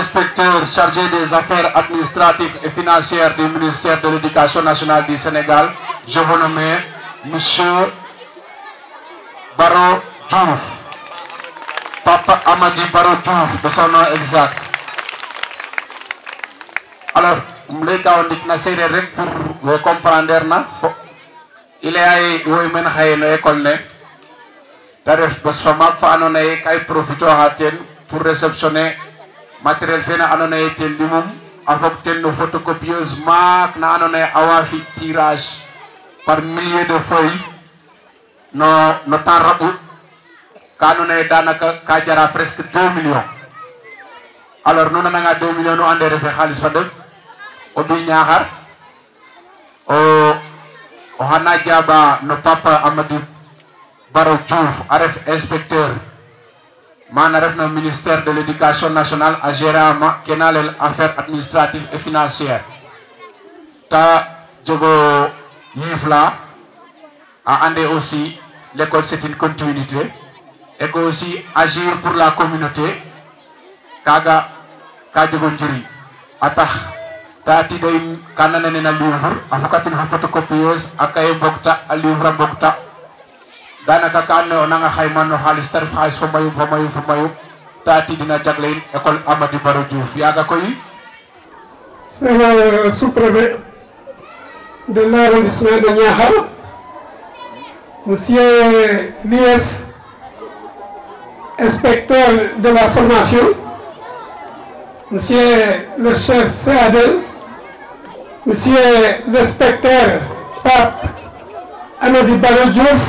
inspecteur chargé des affaires administratives et financières du ministère de l'Éducation nationale du Sénégal, je vous nomme M. Baro Djouf. Papa Amadi Baro Djouf, de son nom exact. Alors, je dit pour vous comprendre na il est à woy de école ne taref bas pour réceptionner matériel fe na andoona yee ten ɗumum a fog ten no photocopieuse maak na andoona yee a tirage par milliers de feuilles no temps raɓu ka andoona yee daanaka ka jara presque deux millions alors nu nananga deux millions nu ande refe xaalis fa def o du ñaaxar o o xana jaɓa no papa amadou baro diouf a ref inspecteur maana ref ministère de l'éducation nationale a gérama ke na affaires affaire et financières. ta jogo yiif a andé aussi l'école c'est une continuité et que aussi agir pour la communauté kaga ka jogo ta tiida in ka na livre a fokatin xa photocopieuse a bokta livre daanaka a andona ye o nanga xayma xaalis te ref xaalis fo mayum fo mayum fo mayum ta tidina jagle in école Amady Baro c'est le sous-préfet de l'arrondissement de Niakhar monsieur l'IF inspecteur de la formation monsieur le chef CAD e. monsieur l'inspecteur Pape Amady Baro Diouf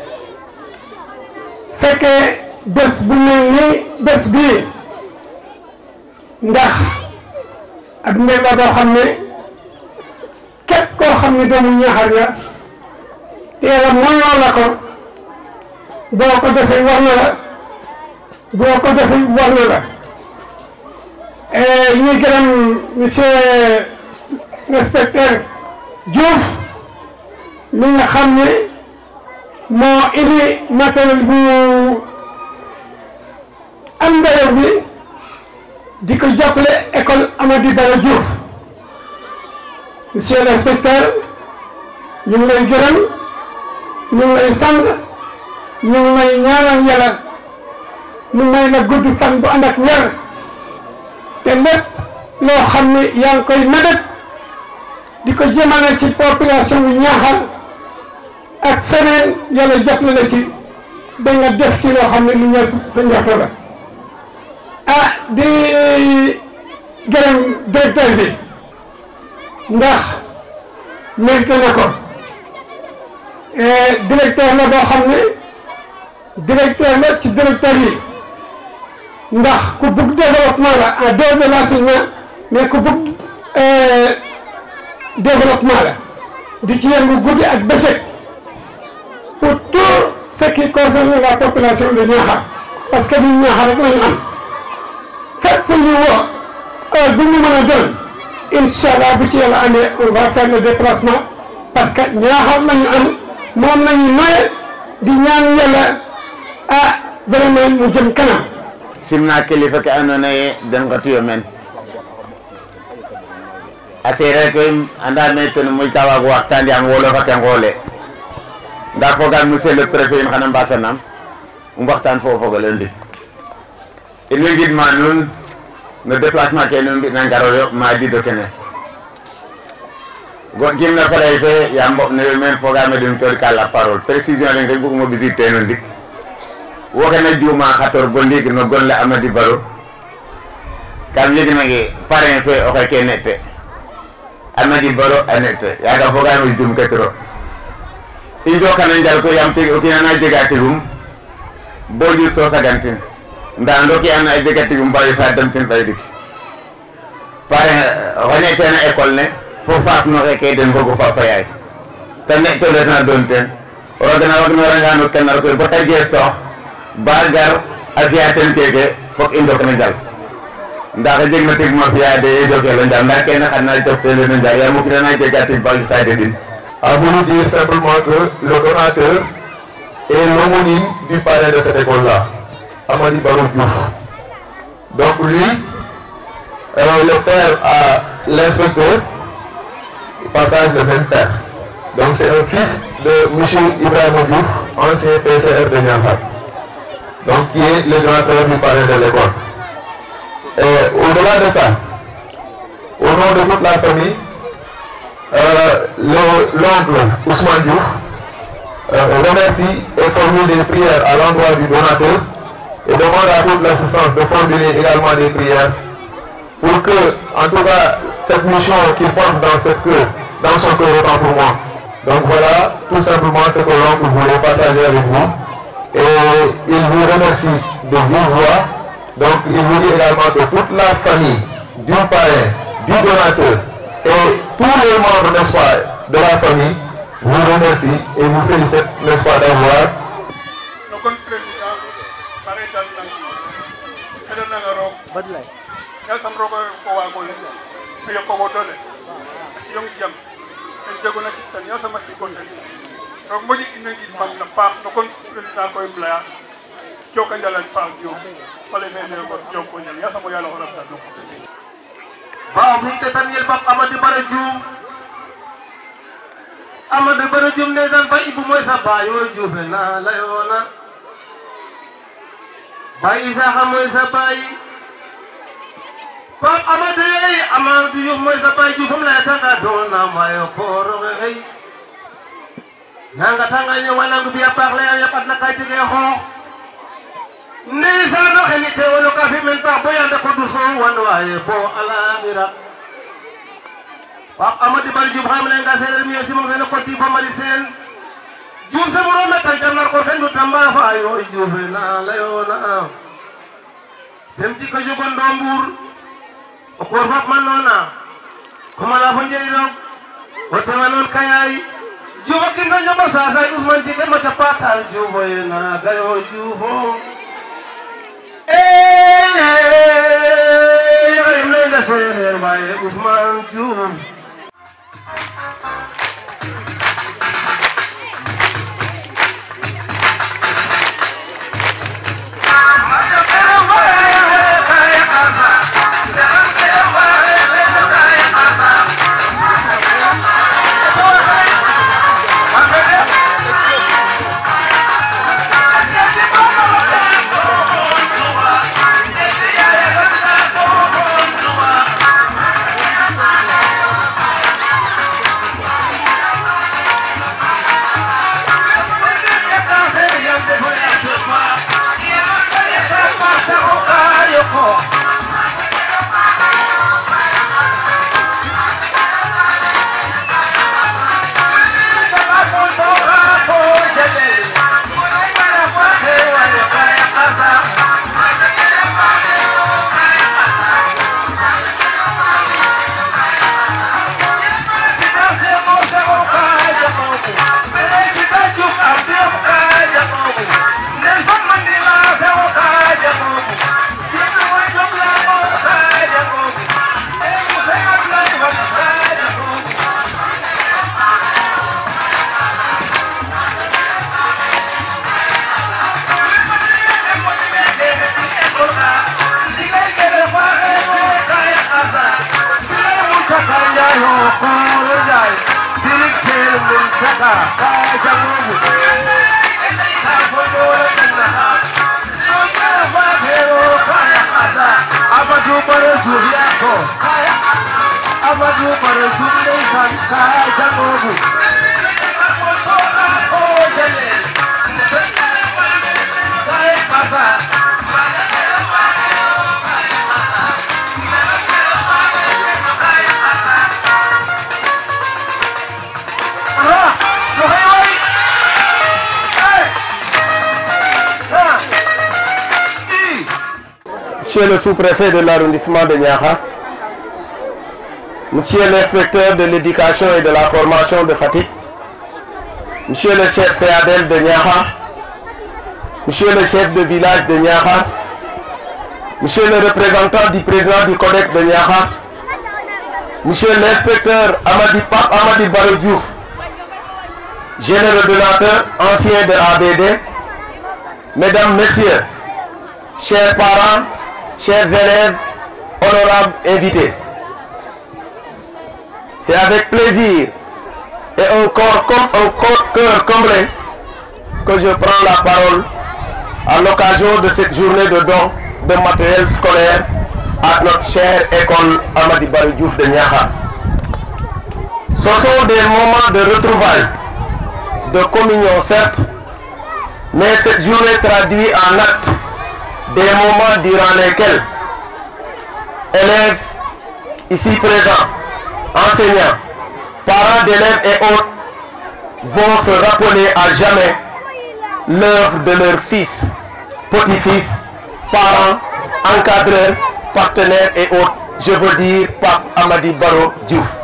fekkee bés bu mel ni bés bii ndax ak mbéy ba boo xam ne képp koo xam ne doomu Ñaxar nga teel a mënoo la ko boo ko defee war na la boo ko defee war na la eh, ñuy gërëm monsieur inspecteur Diouf mi nga xam ne. moo indi matériel bu am bi di ko jàppale école Amady Bara Diouf monsieur l'inspecteur ñu ngi lay gërëm ñu ngi lay sant ñu lay ñaanal yàlla ñu may na fan bu ànd ak te lépp loo xam ni yaa koy mébét di ko jëmale ci population bu Ñaaxar ak feneen yàlla jàppale la ci ba nga def ci loo xam ne lu weesu sa njort la ah di gërëm directeur bi ndax mérité na ko eh, directeur la boo xam ne directeur la ci directeur yi ndax ku bëgg développement la en dehors de l'enseignement mais ku bëgg eh, développement la di ci yëngu guddi ak bëccëg pour tout ce qui concerne la population de Niakhar parce que ñun Niakhar rek lañu am fépp vous ñu woo heure bu ñu mën a allah on va faire le déplacement parce que Niakhar lañu am moom lañu noye di ñaan yàlla ah eh, vraiment mu jëm kanam. simna kilifa ke andoona yee den ngotiyo men a seereer anda me ten moƴka waag waxtaan yaam wolof wole ko gan monsieur le préfet in xana mbasanam um waxtan ga fogole ndik in way ma nuun no déplacement ke na ngaro yo ma dido kene goɗgim no faley fe yaam ne même programme de toor ka la parole précision leng rek buguma ɓisiid teen o ndik wo xator bo no amadi baro kam ngi parrain fe oxe ke amadi baro anete Ya yaaga programme o jum i jokana njal koy yaam o kiin ana jega tigum bo jir so sagantin nda ando ke ana jega tigum ba wesa damtin faydik pare eh, xone tena école ne fo faap no xeke den fogu fa fayay te ne to letna doon ten o rogana wagno waranga no kenar koy bata geestoox ba gar a fiya ten keke fok i njokna njal nda xe jeg na tig ma fiya de i jokelo njal nda kene xana jok tele no njal yaam o kiin ana jega tig ba wesa dedin a voulu dire simplement que le donateur est l'homonyme du palais de cette école-là, Amadi Barou Donc lui, alors euh, le père à l'inspecteur, il partage le même père. Donc c'est un fils de Michel Ibrahim Diouf, ancien PCR de Nyanfak. Donc qui est le donateur du palais de l'école. Et au-delà de ça, au nom de toute la famille, euh, l'oncle Ousmane Diouf euh, remercie et formule des prières à l'endroit du donateur et demande à toute l'assistance de formuler également des prières pour que, en tout cas, cette mission qu'il porte dans, cette queue, dans son cœur pour moi. Donc voilà, tout simplement ce que l'oncle voulait partager avec vous. Et il vous remercie de vous voir. Donc il vous dit également que toute la famille du parrain, du donateur, Et tous les membres, n'est-ce pas, de la famille vous remercient et vous félicitent, n'est-ce pas, d'avoir. roog moƴu ina ngid magna paax no kon président koy im leya jokonjal a paax Diouf fale fene gon a fo ñal yasam o yaal oxe rabda nuun waaw bu ñu te tanil bopp Amadou Bara Diouf Amadou Bara Diouf ndeysaan ba Ibou mooy sa baay wooy Dioufé naa layoona Baye Isaaxa mooy sa baay Pape Amadou ey Amadou Diouf mooy sa baay Dioufam laya tanga doona mayo kooroxe xey nanga tanga ñëwa nangu bi a laya yabat na ka jege xoox ndeysaan oxe ni teewolo ka fi men baax boya ndako wan waaye a alaxira waaw Amady Bari Diouf xam ne nga seereer mi si ma seen koti ba mari seen Diouf sa mu roon tan jam nar ko fen du tamba fa yooy Diouf na layo na sem ci ko jogon do mbuur o koor fap man noona ko mala fo njeri roog o tewa noon kayaay Diouf a kinto ñoba sasay Ousmane Djiké ma ca na gayo Diouf o eee da seere Mbaye Ousmane Diouf Monsieur le sous-préfet de l'arrondissement de Niaha, Monsieur l'inspecteur de l'éducation et de la formation de Fatih Monsieur le chef CADEL de Niaha, Monsieur le chef de village de Niaha, Monsieur le représentant du président du Codec de Niaha, Monsieur l'inspecteur Amadi Pape Amadi Barodiouf, donateur ancien de ABD, Mesdames, Messieurs, chers parents, chers élèves, honorables invités, c'est avec plaisir et encore comme un cœur comblé que je prends la parole à l'occasion de cette journée de don de matériel scolaire à notre chère école Amadi Diouf de Niaha. Ce sont des moments de retrouvailles, de communion certes, mais cette journée traduit en actes des moments durant lesquels élèves ici présents, enseignants, parents d'élèves et autres vont se rappeler à jamais l'œuvre de leur fils, petit fils parents, encadreurs, partenaires et autres. Je veux dire Pape Amadi Baro Diouf.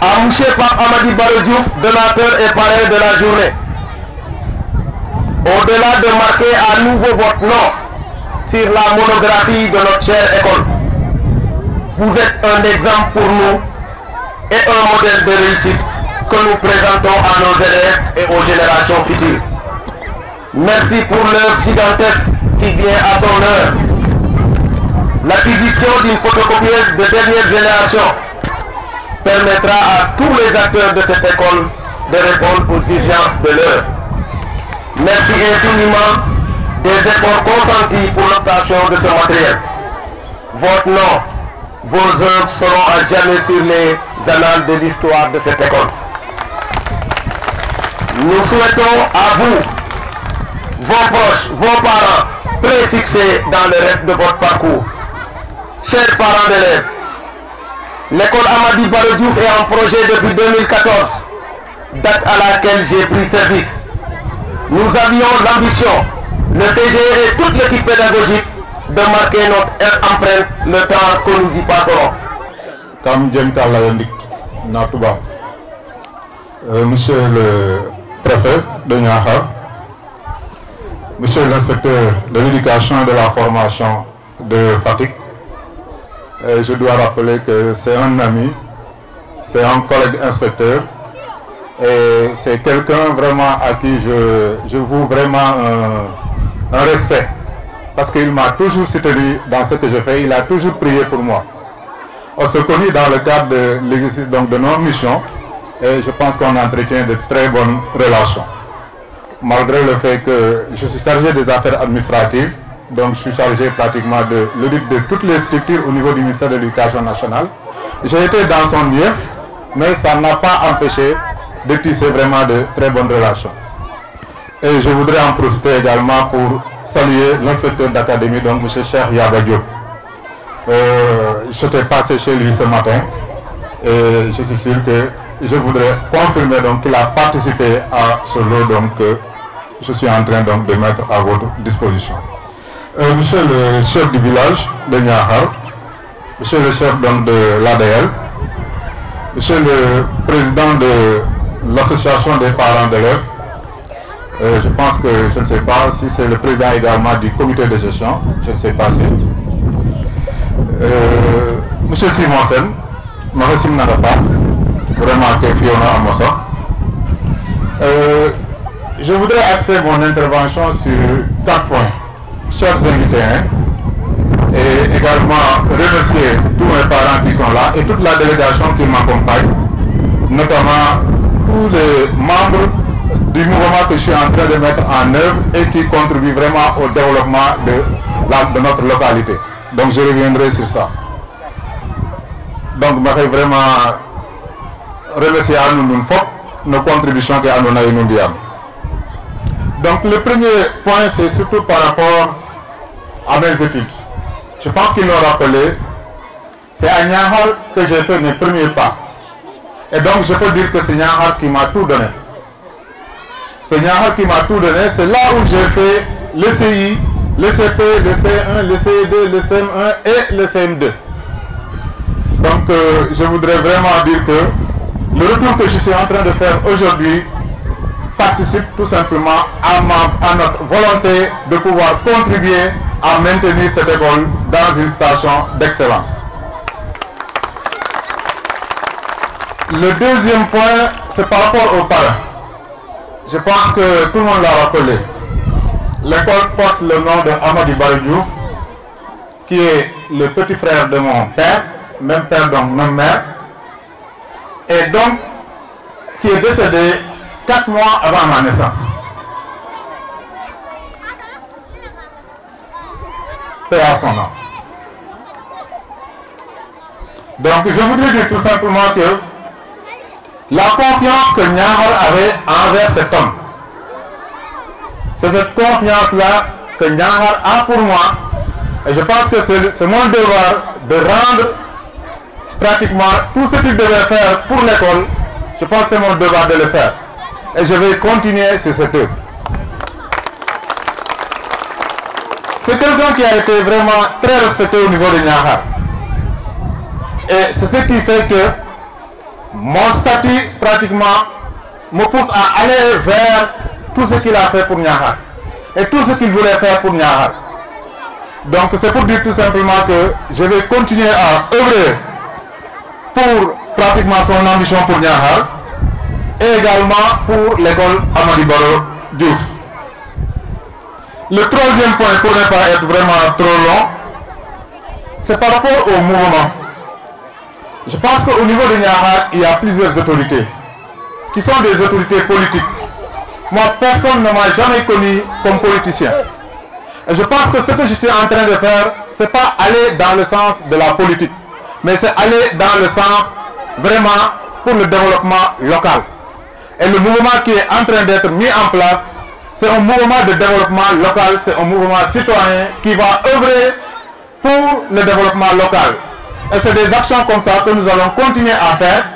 À Amadi Baro donateur et parrain de la journée. Au-delà de marquer à nouveau votre nom sur la monographie de notre chère école, vous êtes un exemple pour nous et un modèle de réussite que nous présentons à nos élèves et aux générations futures. Merci pour l'œuvre gigantesque qui vient à son heure. L'acquisition d'une photocopieuse de dernière génération permettra à tous les acteurs de cette école de répondre aux urgences de l'heure. Merci infiniment des efforts consentis pour l'obtention de ce matériel. Votre nom, vos œuvres seront à jamais sur les annales de l'histoire de cette école. Nous souhaitons à vous, vos proches, vos parents, plein succès dans le reste de votre parcours. Chers parents d'élèves, l'école Amadi Barodiouf est en projet depuis 2014, date à laquelle j'ai pris service nous avions l'ambition le de et toute l'équipe pédagogique de marquer notre empreinte le temps que nous y passerons. Comme Natouba, euh, Monsieur le préfet de Niaha, Monsieur l'inspecteur de l'éducation et de la formation de Fatik, euh, je dois rappeler que c'est un ami, c'est un collègue inspecteur c'est quelqu'un vraiment à qui je, je vraiment un, respect. Parce qu'il m'a toujours soutenu dans ce que je fais, il a toujours prié pour moi. On se connaît dans le cadre de l'exercice de nos missions et je pense qu'on entretient de très bonnes relations. Malgré le fait que je suis chargé des affaires administratives, donc je suis chargé pratiquement de l'audit de toutes les structures au niveau du ministère de l'Éducation nationale. J'ai été dans son lieu, mais ça n'a pas empêché de tisser vraiment de très bonnes relations. Et je voudrais en profiter également pour saluer l'inspecteur d'académie, donc M. Cher Yabadio. Euh, J'étais passé chez lui ce matin et je suis sûr que je voudrais confirmer donc qu'il a participé à ce lot donc que euh, je suis en train donc de mettre à votre disposition. Euh, monsieur le chef du village de Niahar, monsieur le chef donc de l'ADL, monsieur le président de l'association des parents d'élèves. Euh, je pense que, je ne sais pas, si c'est le président également du comité de gestion, je ne sais pas si. Euh, Monsieur Simonsen, Marasim Nadapa, vraiment que Fiona Amosa. Euh, je voudrais axer mon intervention sur quatre points. Chers invités, et également remercier tous mes parents qui sont là et toute la délégation qui m'accompagne, notamment tous les membres du mouvement que je suis en train de mettre en œuvre et qui contribuent vraiment au développement de, notre localité. Donc je reviendrai sur ça. Donc je vais vraiment remercier à nous une fois nos contributions que nous avons Donc le premier point, c'est surtout par rapport à mes études. Je pense qu'ils l'ont rappelé, c'est à que j'ai fait mes premiers pas. Et donc, je peux dire que c'est Nyahar qui m'a tout donné. C'est Nyahar qui m'a tout donné. C'est là où j'ai fait le CI, le CP, le C1, le c 2 le CM1 et le CM2. Donc, euh, je voudrais vraiment dire que le retour que je suis en train de faire aujourd'hui participe tout simplement à, à notre volonté de pouvoir contribuer à maintenir cette école dans une station d'excellence. Le deuxième point, c'est par rapport au père. Je pense que tout le monde l'a rappelé. L'école porte le nom de Amadi Baridjouf, qui est le petit frère de mon père, même père donc même mère, et donc qui est décédé quatre mois avant ma naissance. Père à son nom. Donc je voudrais dire tout simplement que la confiance que Niahar avait envers cet homme. C'est cette confiance-là que Niahar a pour moi. Et je pense que c'est mon devoir de rendre pratiquement tout ce qu'il devait faire pour l'école. Je pense que c'est mon devoir de le faire. Et je vais continuer sur cette œuvre. C'est quelqu'un qui a été vraiment très respecté au niveau de Niahar. Et c'est ce qui fait que mon statut, pratiquement, me pousse à aller vers tout ce qu'il a fait pour Niahar et tout ce qu'il voulait faire pour Nyahar Donc c'est pour dire tout simplement que je vais continuer à œuvrer pour pratiquement son ambition pour Niahar et également pour l'école Baro Diouf. Le troisième point, pour ne pas être vraiment trop long, c'est par rapport au mouvement. Je pense qu'au niveau de Niara, il y a plusieurs autorités qui sont des autorités politiques. Moi, personne ne m'a jamais connu comme politicien. Et je pense que ce que je suis en train de faire, ce n'est pas aller dans le sens de la politique, mais c'est aller dans le sens vraiment pour le développement local. Et le mouvement qui est en train d'être mis en place, c'est un mouvement de développement local, c'est un mouvement citoyen qui va œuvrer pour le développement local. Et c'est des actions comme ça que nous allons continuer à faire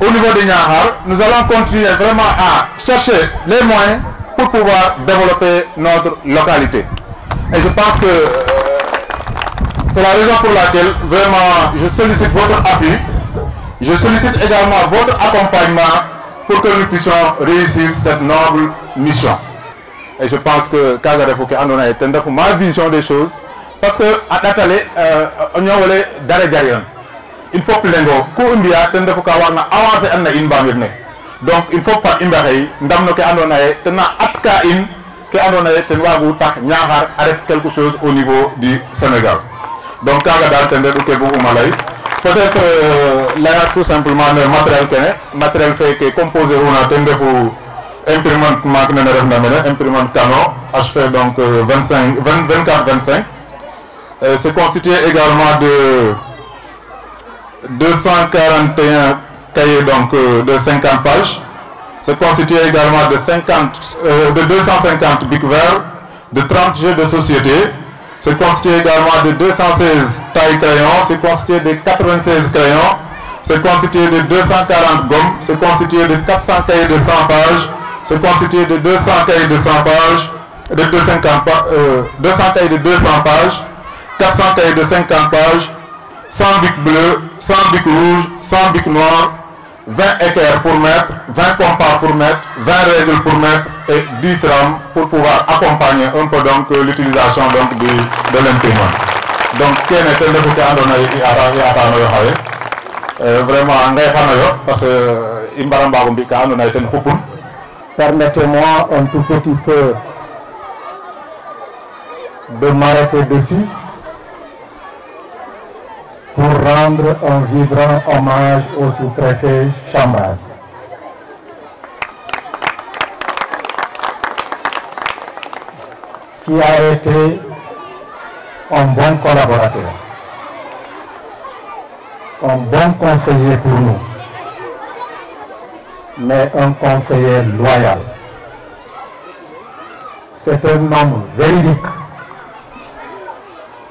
au niveau de Niahar. Nous allons continuer vraiment à chercher les moyens pour pouvoir développer notre localité. Et je pense que euh, c'est la raison pour laquelle vraiment je sollicite votre appui. Je sollicite également votre accompagnement pour que nous puissions réussir cette noble mission. Et je pense que Anona Andona pour ma vision des choses parce que ah, euh, a ɗatale ñowole dara jariran il faut lengo ku i mbiya ten refu ka avancer an na in mbamir ne donc il faut fat i mbexey ndam no ke andoona yee tena atka in ke andoona yee ten waagu tax Niakhar a ref quelque chose au niveau du Sénégal donc kaga dal ten reɗ'u ke bug'uma lay peut être euh, la tout simplement le matériel kene matériel fait composé una ten refu imprimante maak nene refna mene imprimante Canon HP donc 25 24 25 euh, se également de 241 cahiers donc, de 50 pages, se constitué également de, 50, euh, de 250 euh, bic verts, de 30 jeux de société, se constitué également de 216 tailles crayons, se constitué de 96 crayons, se constitué de 240 gommes, se constitué de 400 cahiers de 100 pages, se constitué de 200 cahiers de 100 pages, de 250, 200 euh, cahiers de 200 pages, 400 cahiers de 50 pages, 100 bics bleus, 100 bics rouges, 100 bics noirs, 20 équerres pour mettre, 20 compas pour mettre, 20 règles pour mettre et 10 rames pour pouvoir accompagner un peu donc l'utilisation donc de, de l'imprimante. Donc, qui est le vous à Vraiment, parce que euh, Permettez-moi un tout petit peu de m'arrêter dessus pour rendre un vibrant hommage au sous-préfet Chambas. qui a été un bon collaborateur, un bon conseiller pour nous, mais un conseiller loyal. C'est un homme véridique,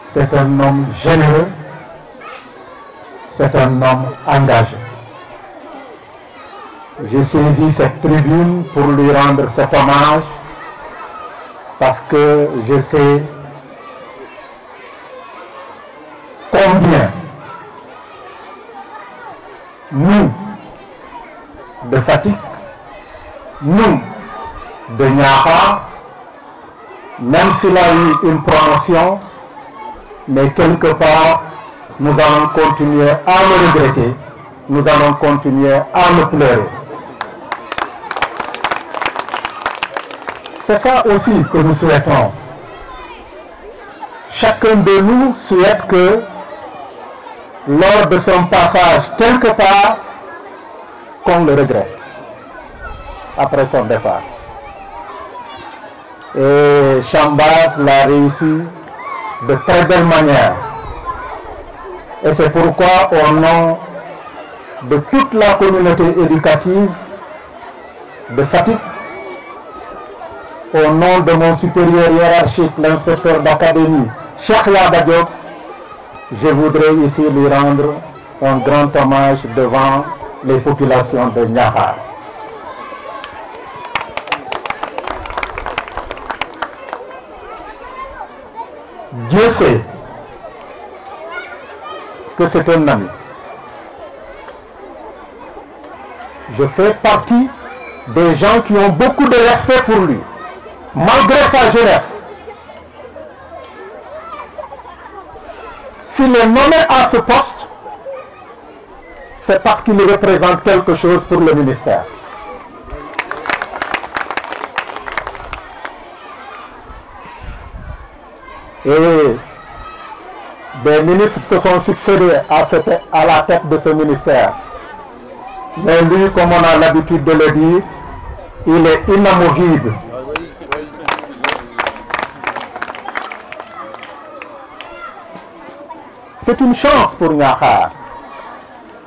c'est un homme généreux, c'est un homme engagé. J'ai saisi cette tribune pour lui rendre cet hommage parce que je sais combien nous de Fatigue, nous de Niaha, même s'il a eu une promotion, mais quelque part nous allons continuer à le regretter, nous allons continuer à me pleurer. C'est ça aussi que nous souhaitons. Chacun de nous souhaite que, lors de son passage quelque part, qu'on le regrette après son départ. Et Chambas l'a réussi de très belle manière. Et c'est pourquoi, au nom de toute la communauté éducative de Fatigue, au nom de mon supérieur hiérarchique, l'inspecteur d'académie, Cheikh Badiok, je voudrais ici lui rendre un grand hommage devant les populations de Niahar. Dieu sait que c'est un ami. Je fais partie des gens qui ont beaucoup de respect pour lui, malgré sa jeunesse. S'il est nommé à ce poste, c'est parce qu'il représente quelque chose pour le ministère. Et les ministres se sont succédés à, à la tête de ce ministère. Mais lui, comme on a l'habitude de le dire, il est inamovible. C'est une chance pour Niakhar.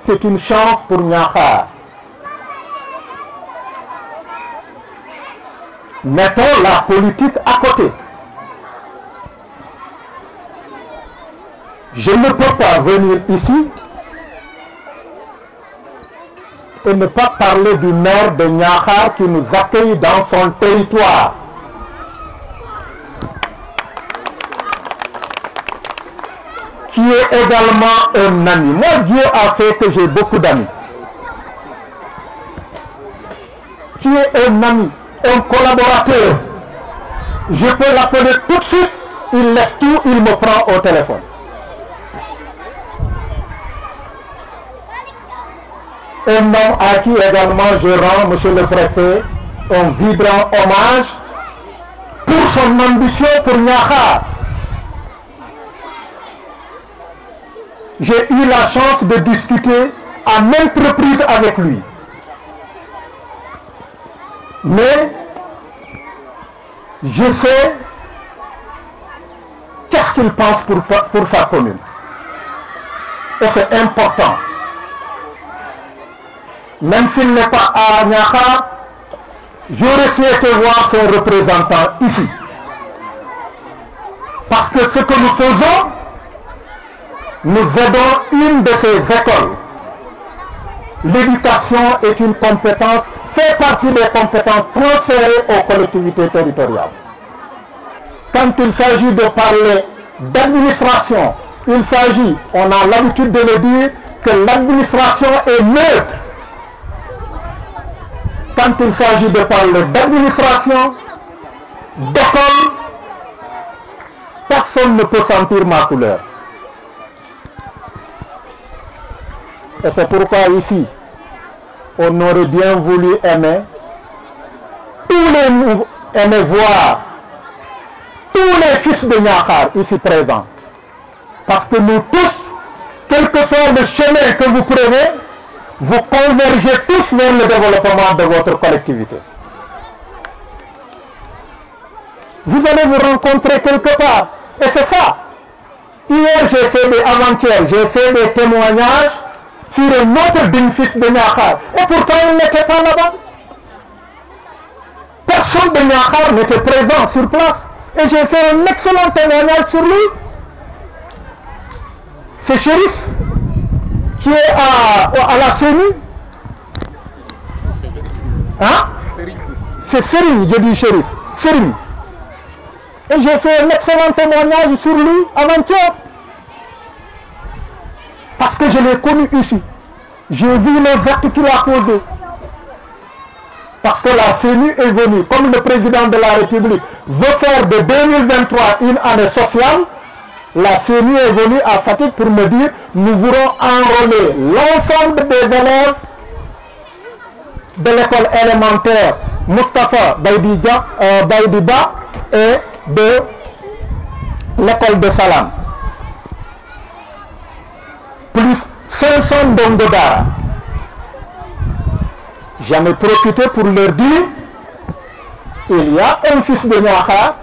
C'est une chance pour Niakhar. Mettons la politique à côté. Je ne peux pas venir ici et ne pas parler du maire de Niakhar qui nous accueille dans son territoire. Qui est également un ami. Moi, Dieu a fait que j'ai beaucoup d'amis. Qui est un ami, un collaborateur. Je peux l'appeler tout de suite, il laisse tout, il me prend au téléphone. un homme à qui également je rends, monsieur le préfet, un vibrant hommage pour son ambition pour Niagara. J'ai eu la chance de discuter à entreprise avec lui. Mais je sais qu'est-ce qu'il pense pour, pour sa commune. Et c'est important même s'il n'est pas à je j'aurais souhaité voir son représentant ici. Parce que ce que nous faisons, nous aidons une de ces écoles. L'éducation est une compétence, fait partie des compétences transférées aux collectivités territoriales. Quand il s'agit de parler d'administration, il s'agit, on a l'habitude de le dire, que l'administration est neutre quand il s'agit de parler d'administration, d'école, personne ne peut sentir ma couleur. Et c'est pourquoi ici, on aurait bien voulu aimer, tous les, aimer voir tous les fils de Niakar ici présents. Parce que nous tous, quel que soit le chemin que vous prenez, vous convergez tous vers le développement de votre collectivité. Vous allez vous rencontrer quelque part. Et c'est ça. Hier, j'ai fait des avant j'ai fait des témoignages sur un autre d'une fils de Niakhar. Et pourtant, il n'était pas là-bas. Personne de Niakhar n'était présent sur place. Et j'ai fait un excellent témoignage sur lui. C'est shérif qui est à, à la série. Hein? C'est Serine, je dis shérif. Et j'ai fait un excellent témoignage sur lui avant-hier. Parce que je l'ai connu ici. J'ai vu les actes qu'il a posés. Parce que la CENU est venue, comme le président de la République veut faire de 2023 une année sociale, la série est venue à Fatigue pour me dire nous voulons enrôler l'ensemble des élèves de l'école élémentaire Mustafa Baïdiba euh, et de l'école de Salam. Plus 500 dons de J'en ai profité pour leur dire il y a un fils de Noaha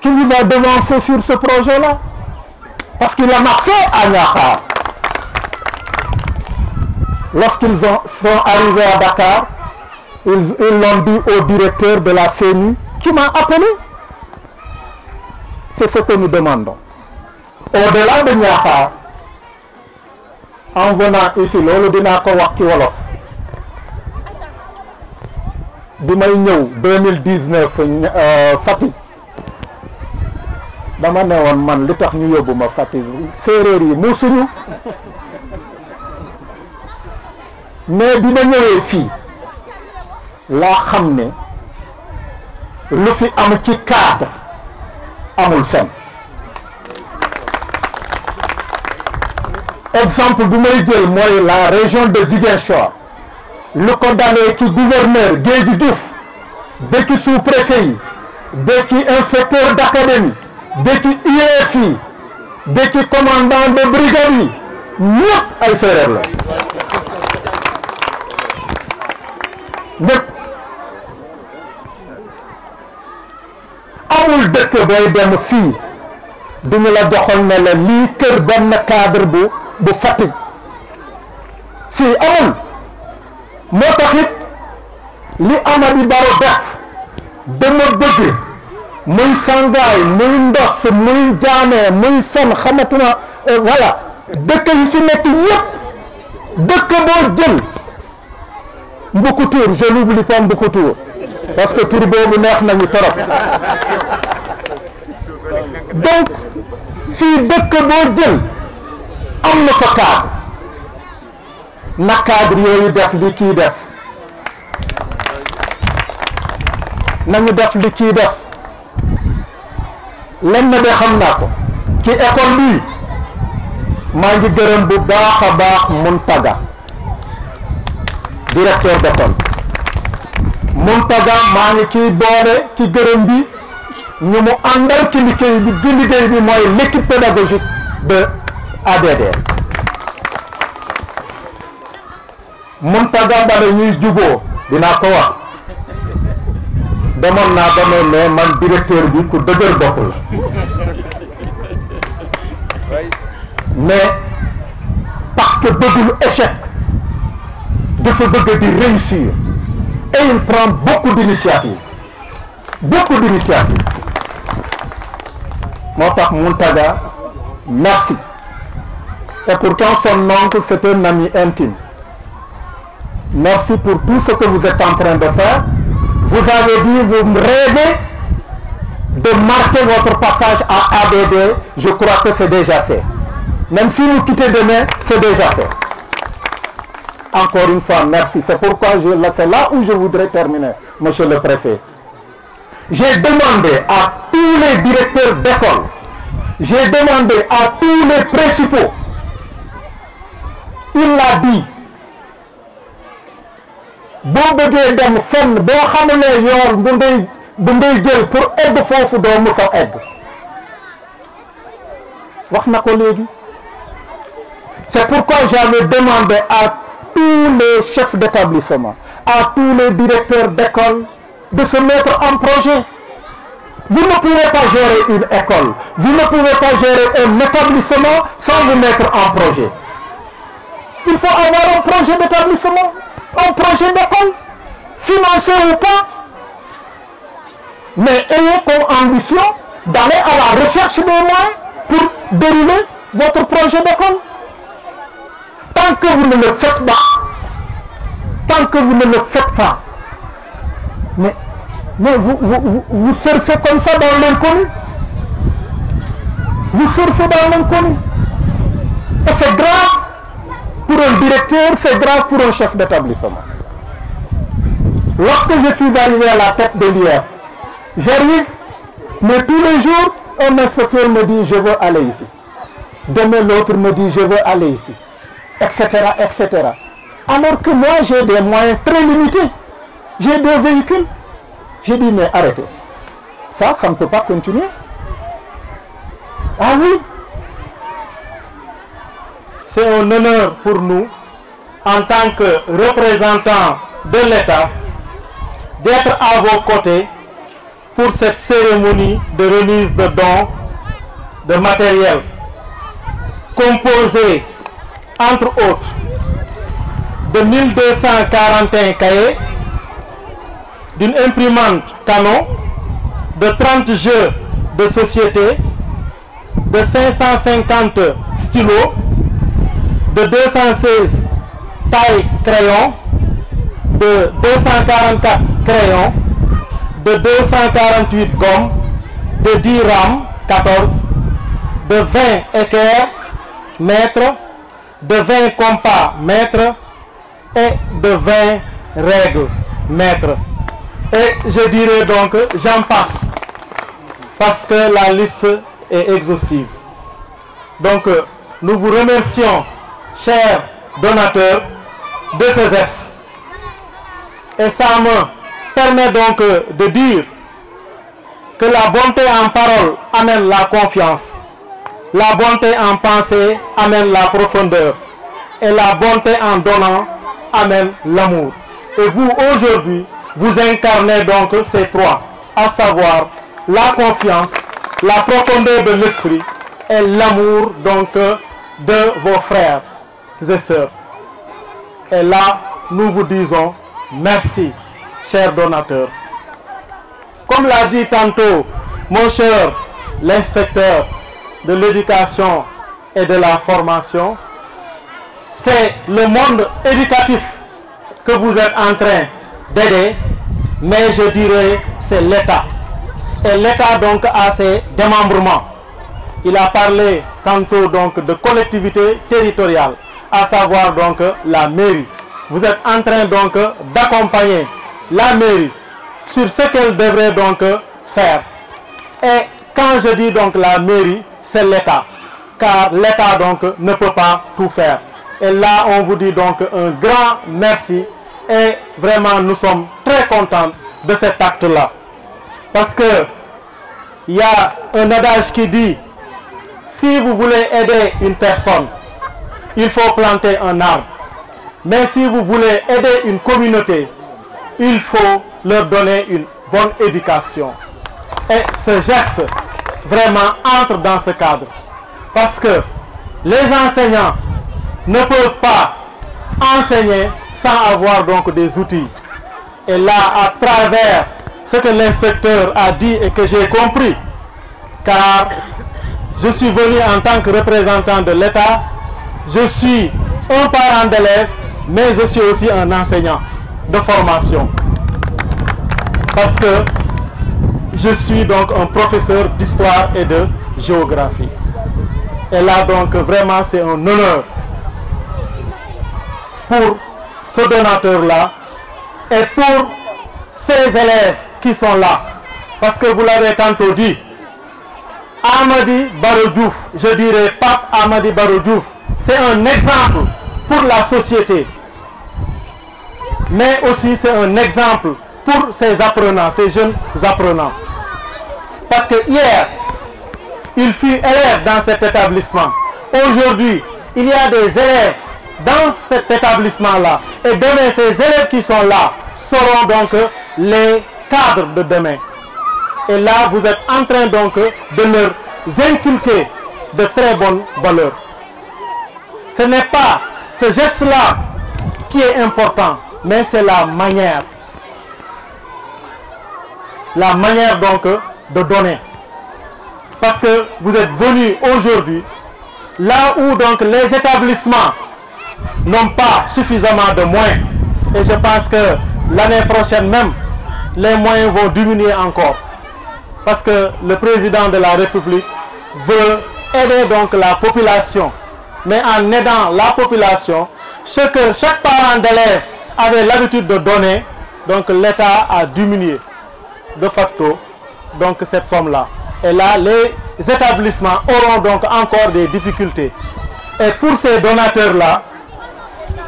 qui vous a dénoncé sur ce projet-là. Parce qu'il a marché à Nyaka. Lorsqu'ils sont arrivés à Dakar, ils l'ont dit au directeur de la CENI qui m'a appelé. C'est ce que nous demandons. Au-delà de Nyaka, en venant ici le dinaa à 2019 Fatih dama ne woon man li tax ñu yóbbu ma Fatick séeréer yi mu suñu mais bi ma ñëwee fii laa xam ne lu fi am ci cadre amul fen exemple bu may jël mooy la région de Ziguinchor lu ko dalee ci gouverneur Géeji Diouf ba ci sous-préfet yi ba ci inspecteur d' ba ci IEF yi ba ci commandant de brigade ay séeréer la amul dëkk booy dem fii du ñu la doxal ne la lii kër benn cadre bu bu Fatick fii amul moo tax it li Amady Baro def dama bëgg muy sangay muy ndox muy jame muy fen xamatuna wala dëkk yi fi metti yep dëkk bo jël tour je n'oublie pas tour parce que tur boobu neex nañu torop donc fi dëkk bo jël am na fa cadre na cadre yooyu def li kii def nañu def li kii def lenn de xam naa ko ci école bi maa ngi gërëm bu baax a baax Muntaga directeur d'école Muntaga maa ngi ciy boole ci gërëm bi ñu mu àndal ci liggéey bi ci liggéey bi mooy l'équipe pédagogique de ADD Muntaga bala ñuy juboo dinaa ko wax Demande-moi ba mon directeur bi ku deuguer mais parce que bëggul échec dafa bëgg di réussir et il prend beaucoup d'initiatives beaucoup d'initiatives motax tax Mountaga merci et pourtant son oncle c'est un ami intime merci pour tout ce que vous êtes en train de faire vous avez dit, vous rêvez de marquer votre passage à ABD, je crois que c'est déjà fait. Même si vous quittez demain, c'est déjà fait. Encore une fois, merci. C'est pourquoi c'est là où je voudrais terminer, monsieur le préfet. J'ai demandé à tous les directeurs d'école, j'ai demandé à tous les principaux, il l'a dit, pour c'est pourquoi j'avais demandé à tous les chefs d'établissement à tous les directeurs d'école de se mettre en projet vous ne pouvez pas gérer une école vous ne pouvez pas gérer un établissement sans vous mettre en projet il faut avoir un projet d'établissement un projet d'école, financé ou pas, mais ayez comme ambition d'aller à la recherche des moyens pour dérouler votre projet d'école. Tant que vous ne le faites pas, tant que vous ne le faites pas, mais, vous, vous, vous surfez comme ça dans l'inconnu. Vous surfez dans l'inconnu. Et c'est grave pour un directeur, c'est grave pour un chef d'établissement. Lorsque je suis arrivé à la tête de l'IF, j'arrive, mais tous les jours, un inspecteur me dit je veux aller ici. Demain, l'autre me dit je veux aller ici. Etc. etc. Alors que moi, j'ai des moyens très limités. J'ai deux véhicules. J'ai dit mais arrêtez. Ça, ça ne peut pas continuer. Ah oui, c'est un honneur pour nous, en tant que représentants de l'État, d'être à vos côtés pour cette cérémonie de remise de dons de matériel composé entre autres, de 1241 cahiers, d'une imprimante Canon, de 30 jeux de société, de 550 stylos, de 216 tailles crayons, de 244 crayons, de 248 gommes, de 10 rames, 14, de 20 équerres, mètres, de 20 compas, mètres, et de 20 règles, mètres. Et je dirais donc, j'en passe, parce que la liste est exhaustive. Donc, euh, nous vous remercions chers donateurs de ces Et ça me permet donc euh, de dire que la bonté en parole amène la confiance, la bonté en pensée amène la profondeur, et la bonté en donnant amène l'amour. Et vous, aujourd'hui, vous incarnez donc ces trois, à savoir la confiance, la profondeur de l'esprit et l'amour donc euh, de vos frères et Et là, nous vous disons merci, chers donateurs. Comme l'a dit tantôt mon cher l'inspecteur de l'éducation et de la formation, c'est le monde éducatif que vous êtes en train d'aider, mais je dirais c'est l'État. Et l'État donc a ses démembrements. Il a parlé tantôt donc de collectivité territoriale à savoir donc la mairie. Vous êtes en train donc d'accompagner la mairie sur ce qu'elle devrait donc faire. Et quand je dis donc la mairie, c'est l'État. Car l'État donc ne peut pas tout faire. Et là, on vous dit donc un grand merci. Et vraiment, nous sommes très contents de cet acte-là. Parce que il y a un adage qui dit, si vous voulez aider une personne, il faut planter un arbre. Mais si vous voulez aider une communauté, il faut leur donner une bonne éducation. Et ce geste vraiment entre dans ce cadre. Parce que les enseignants ne peuvent pas enseigner sans avoir donc des outils. Et là, à travers ce que l'inspecteur a dit et que j'ai compris, car je suis venu en tant que représentant de l'État je suis un parent d'élève, mais je suis aussi un enseignant de formation. Parce que je suis donc un professeur d'histoire et de géographie. Et là donc vraiment c'est un honneur pour ce donateur-là et pour ces élèves qui sont là. Parce que vous l'avez tantôt dit, Amadi Baroudouf je dirais Pape Amadi Baroudouf c'est un exemple pour la société, mais aussi c'est un exemple pour ces apprenants, ces jeunes apprenants. Parce que hier, il fut élève dans cet établissement. Aujourd'hui, il y a des élèves dans cet établissement-là. Et demain, ces élèves qui sont là seront donc les cadres de demain. Et là, vous êtes en train donc de leur inculquer de très bonnes valeurs. Ce n'est pas ce geste-là qui est important, mais c'est la manière. La manière donc de donner. Parce que vous êtes venus aujourd'hui là où donc les établissements n'ont pas suffisamment de moyens. Et je pense que l'année prochaine même, les moyens vont diminuer encore. Parce que le président de la République veut aider donc la population mais en aidant la population, ce que chaque parent d'élève avait l'habitude de donner, donc l'État a diminué de facto donc cette somme-là. Et là, les établissements auront donc encore des difficultés. Et pour ces donateurs-là,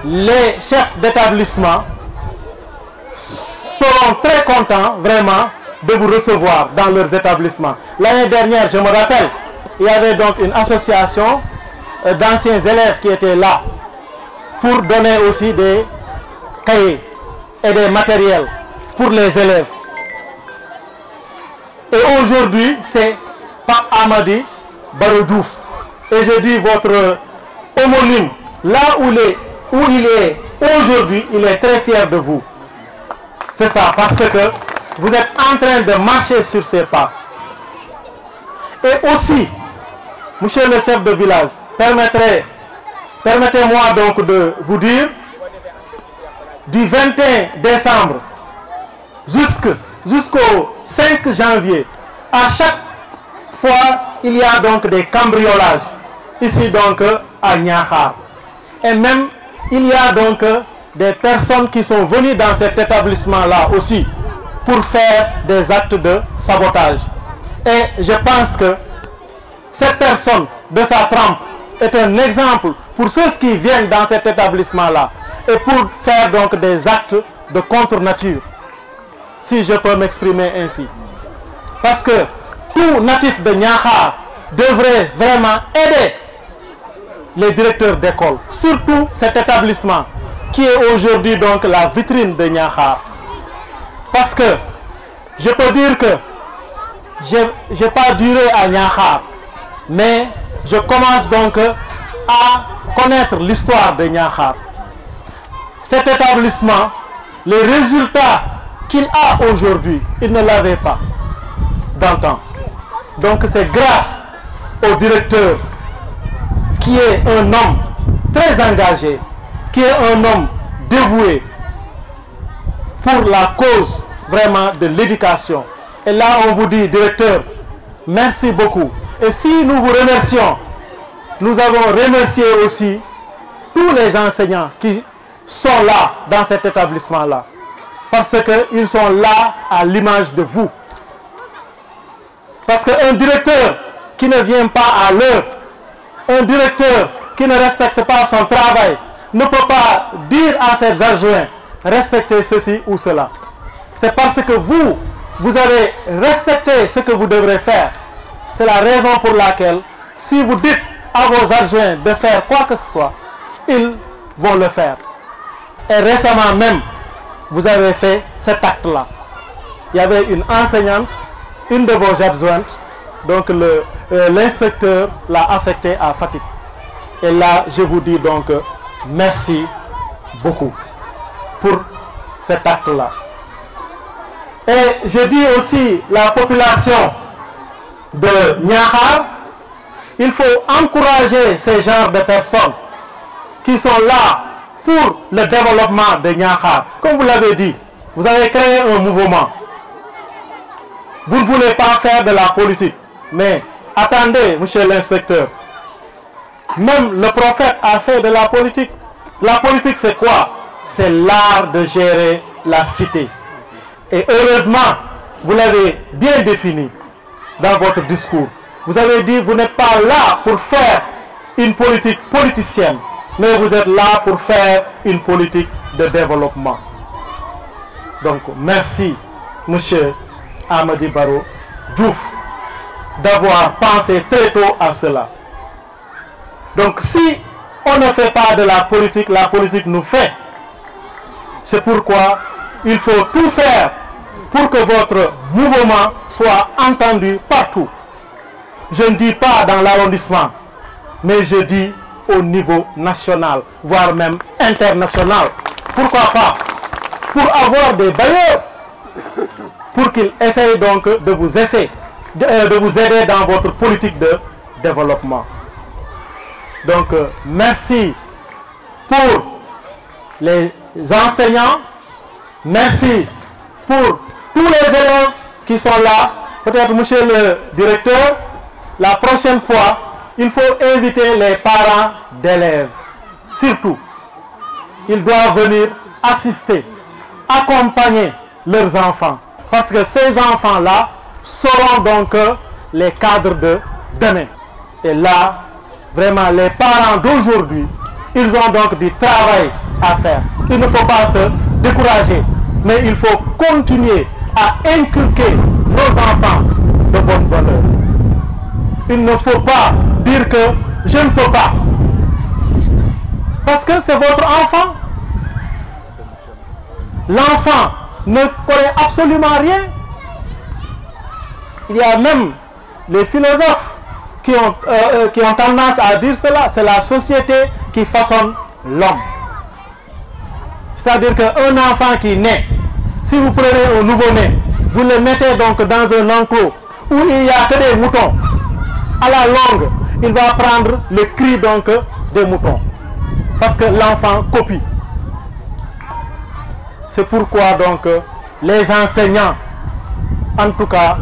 les chefs d'établissement seront très contents vraiment de vous recevoir dans leurs établissements. L'année dernière, je me rappelle, il y avait donc une association euh, d'anciens élèves qui étaient là pour donner aussi des cahiers et des matériels pour les élèves. Et aujourd'hui, c'est Pape Amadi Baroudouf. Et je dis votre homonyme, là où, où il est aujourd'hui, il est très fier de vous. C'est ça, parce que vous êtes en train de marcher sur ses pas. Et aussi, monsieur le chef de village, permettez-moi donc de vous dire, du 21 décembre jusqu'au 5 janvier, à chaque fois, il y a donc des cambriolages, ici donc à Niakhar. Et même, il y a donc des personnes qui sont venues dans cet établissement-là aussi pour faire des actes de sabotage. Et je pense que cette personne de sa trempe est un exemple pour ceux qui viennent dans cet établissement-là et pour faire donc des actes de contre-nature, si je peux m'exprimer ainsi. Parce que tout natif de Niaha devrait vraiment aider les directeurs d'école, surtout cet établissement qui est aujourd'hui donc la vitrine de Niaha. Parce que je peux dire que je n'ai pas duré à Niaha, mais je commence donc à connaître l'histoire de Niakhar. Cet établissement, les résultats qu'il a aujourd'hui, il ne l'avait pas d'antan. Donc c'est grâce au directeur qui est un homme très engagé, qui est un homme dévoué pour la cause vraiment de l'éducation. Et là, on vous dit, directeur, merci beaucoup et si nous vous remercions, nous avons remercié aussi tous les enseignants qui sont là dans cet établissement-là. Parce qu'ils sont là à l'image de vous. Parce qu'un directeur qui ne vient pas à l'heure, un directeur qui ne respecte pas son travail, ne peut pas dire à ses adjoints respectez ceci ou cela. C'est parce que vous, vous avez respecté ce que vous devrez faire c'est la raison pour laquelle, si vous dites à vos adjoints de faire quoi que ce soit, ils vont le faire. Et récemment même, vous avez fait cet acte-là. Il y avait une enseignante, une de vos adjointes, donc euh, l'inspecteur l'a affectée à fatigue. Et là, je vous dis donc euh, merci beaucoup pour cet acte-là. Et je dis aussi la population de Niahar, il faut encourager ces genres de personnes qui sont là pour le développement de Niahar. Comme vous l'avez dit, vous avez créé un mouvement. Vous ne voulez pas faire de la politique. Mais attendez, monsieur l'inspecteur, même le prophète a fait de la politique. La politique, c'est quoi C'est l'art de gérer la cité. Et heureusement, vous l'avez bien défini dans votre discours. Vous avez dit, vous n'êtes pas là pour faire une politique politicienne, mais vous êtes là pour faire une politique de développement. Donc, merci, monsieur Amadi Baro d'avoir pensé très tôt à cela. Donc, si on ne fait pas de la politique, la politique nous fait. C'est pourquoi il faut tout faire pour que votre mouvement soit entendu partout. Je ne dis pas dans l'arrondissement, mais je dis au niveau national, voire même international. Pourquoi pas Pour avoir des bailleurs, pour qu'ils essayent donc de vous, euh, vous aider dans votre politique de développement. Donc, euh, merci pour les enseignants, merci pour tous les élèves qui sont là, peut-être monsieur le directeur, la prochaine fois, il faut inviter les parents d'élèves. Surtout, ils doivent venir assister, accompagner leurs enfants. Parce que ces enfants-là seront donc euh, les cadres de demain. Et là, vraiment, les parents d'aujourd'hui, ils ont donc du travail à faire. Il ne faut pas se décourager, mais il faut continuer inculquer nos enfants de bonne bonheur. Il ne faut pas dire que je ne peux pas. Parce que c'est votre enfant. L'enfant ne connaît absolument rien. Il y a même les philosophes qui ont, euh, euh, qui ont tendance à dire cela. C'est la société qui façonne l'homme. C'est-à-dire qu'un enfant qui naît si vous prenez un nouveau-né, vous le mettez donc dans un enclos où il n'y a que des moutons. À la longue, il va prendre le cri donc des moutons. Parce que l'enfant copie. C'est pourquoi donc les enseignants, en tout cas,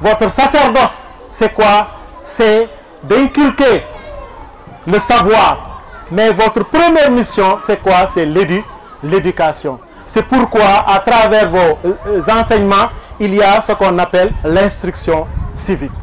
votre sacerdoce, c'est quoi C'est d'inculquer le savoir. Mais votre première mission, c'est quoi C'est l'éducation. C'est pourquoi, à travers vos euh, euh, enseignements, il y a ce qu'on appelle l'instruction civique.